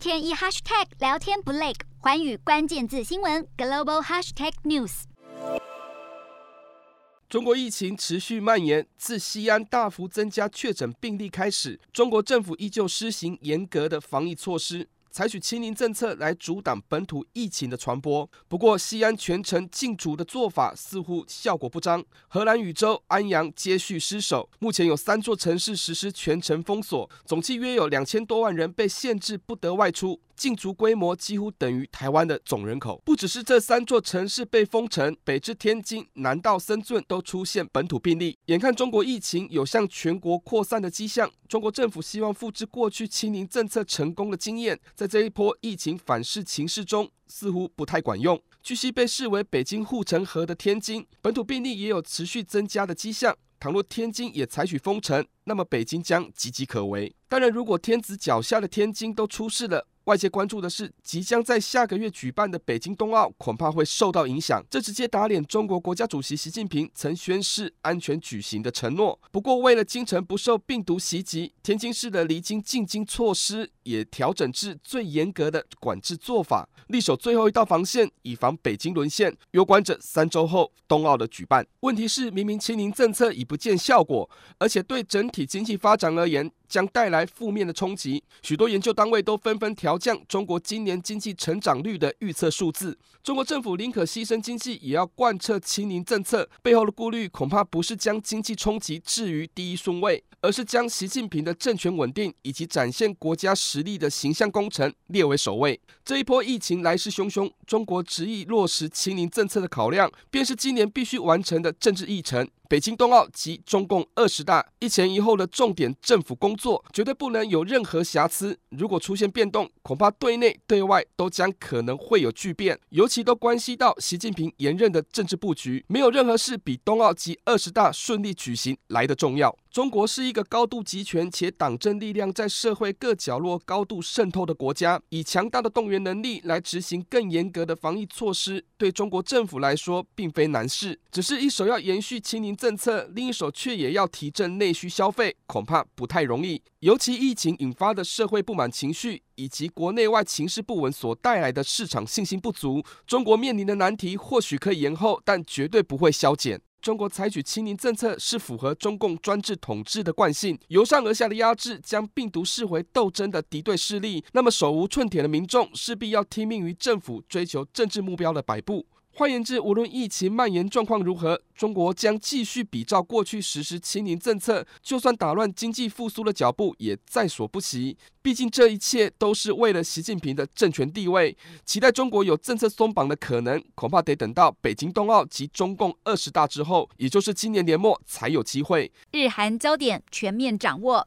天一 hashtag 聊天不累，寰宇關鍵字新聞 global hashtag news。中國疫情持續蔓延，自西安大幅增加確診病例開始，中國政府依舊施行嚴格的防疫措施。採取清零政策來阻擋本土疫情的傳播，不過西安全城禁足的做法似乎效果不彰，河南禹州、安陽接續失守，目前有三座城市實施全城封鎖，總計約有兩千多萬人被限制不得外出。禁足規模幾乎等於台灣的總人口。不只是這三座城市被封城，北至天津，南到深圳，都出現本土病例。眼看中國疫情有向全國擴散的跡象，中國政府希望複製過去清零政策成功的經驗，在這一波疫情反噬情勢中似乎不太管用。據悉，被視為北京護城河的天津本土病例也有持續增加的跡象。倘若天津也採取封城，那麼北京將岌岌可危。當然，如果天子腳下的天津都出事了，外界關注的是，即將在下個月舉辦的北京冬奧恐怕會受到影響，這直接打臉中國國家主席習近平曾宣誓安全舉行的承諾。不過，為了京城不受病毒襲擊，天津市的離京進京措施也調整至最嚴格的管制做法，力守最後一道防線，以防北京淪陷。有關著三周後，冬奧的舉辦。問題是，明明清零政策已不見效果，而且對整體經濟發展而言將帶來負面的衝擊，許多研究單位都紛紛調。降中國今年經濟成長率的預測數字，中國政府寧可犧牲經濟，也要貫徹清零政策。背後的顧慮，恐怕不是將經濟衝擊置於第一順位，而是將習近平的政權穩定以及展現國家實力的形象工程列為首位。這一波疫情來勢洶洶，中國執意落實清零政策的考量，便是今年必須完成的政治議程。北京冬奧及中共二十大一前一後的重點政府工作，絕對不能有任何瑕疵。如果出現變動，恐怕對內對外都將可能會有巨變，尤其都關係到習近平連任的政治布局。沒有任何事比冬奧及二十大順利舉行來得重要。中國是一個高度集權且黨政力量在社會各角落高度滲透的國家，以強大的動員能力來執行更嚴格的防疫措施，對中國政府來說並非難事。只是一手要延續清零政策，另一手卻也要提振內需消費，恐怕不太容易。尤其疫情引發的社會不滿情緒，以及國內外情勢不穩所帶來的市場信心不足，中國面臨的難題或許可以延後，但絕對不會消減。中國採取清零政策是符合中共專制統治的慣性，由上而下的壓制，將病毒視為鬥爭的敵對勢力。那麼，手無寸鐵的民眾勢必要聽命於政府追求政治目標的擺布。換言之，無論疫情蔓延狀況如何，中國將繼續比照過去實施清零政策，就算打亂經濟復甦的腳步也在所不惜。畢竟這一切都是為了習近平的政權地位。期待中國有政策鬆綁的可能，恐怕得等到北京冬奧及中共二十大之後，也就是今年年末才有機會。日韓焦點全面掌握。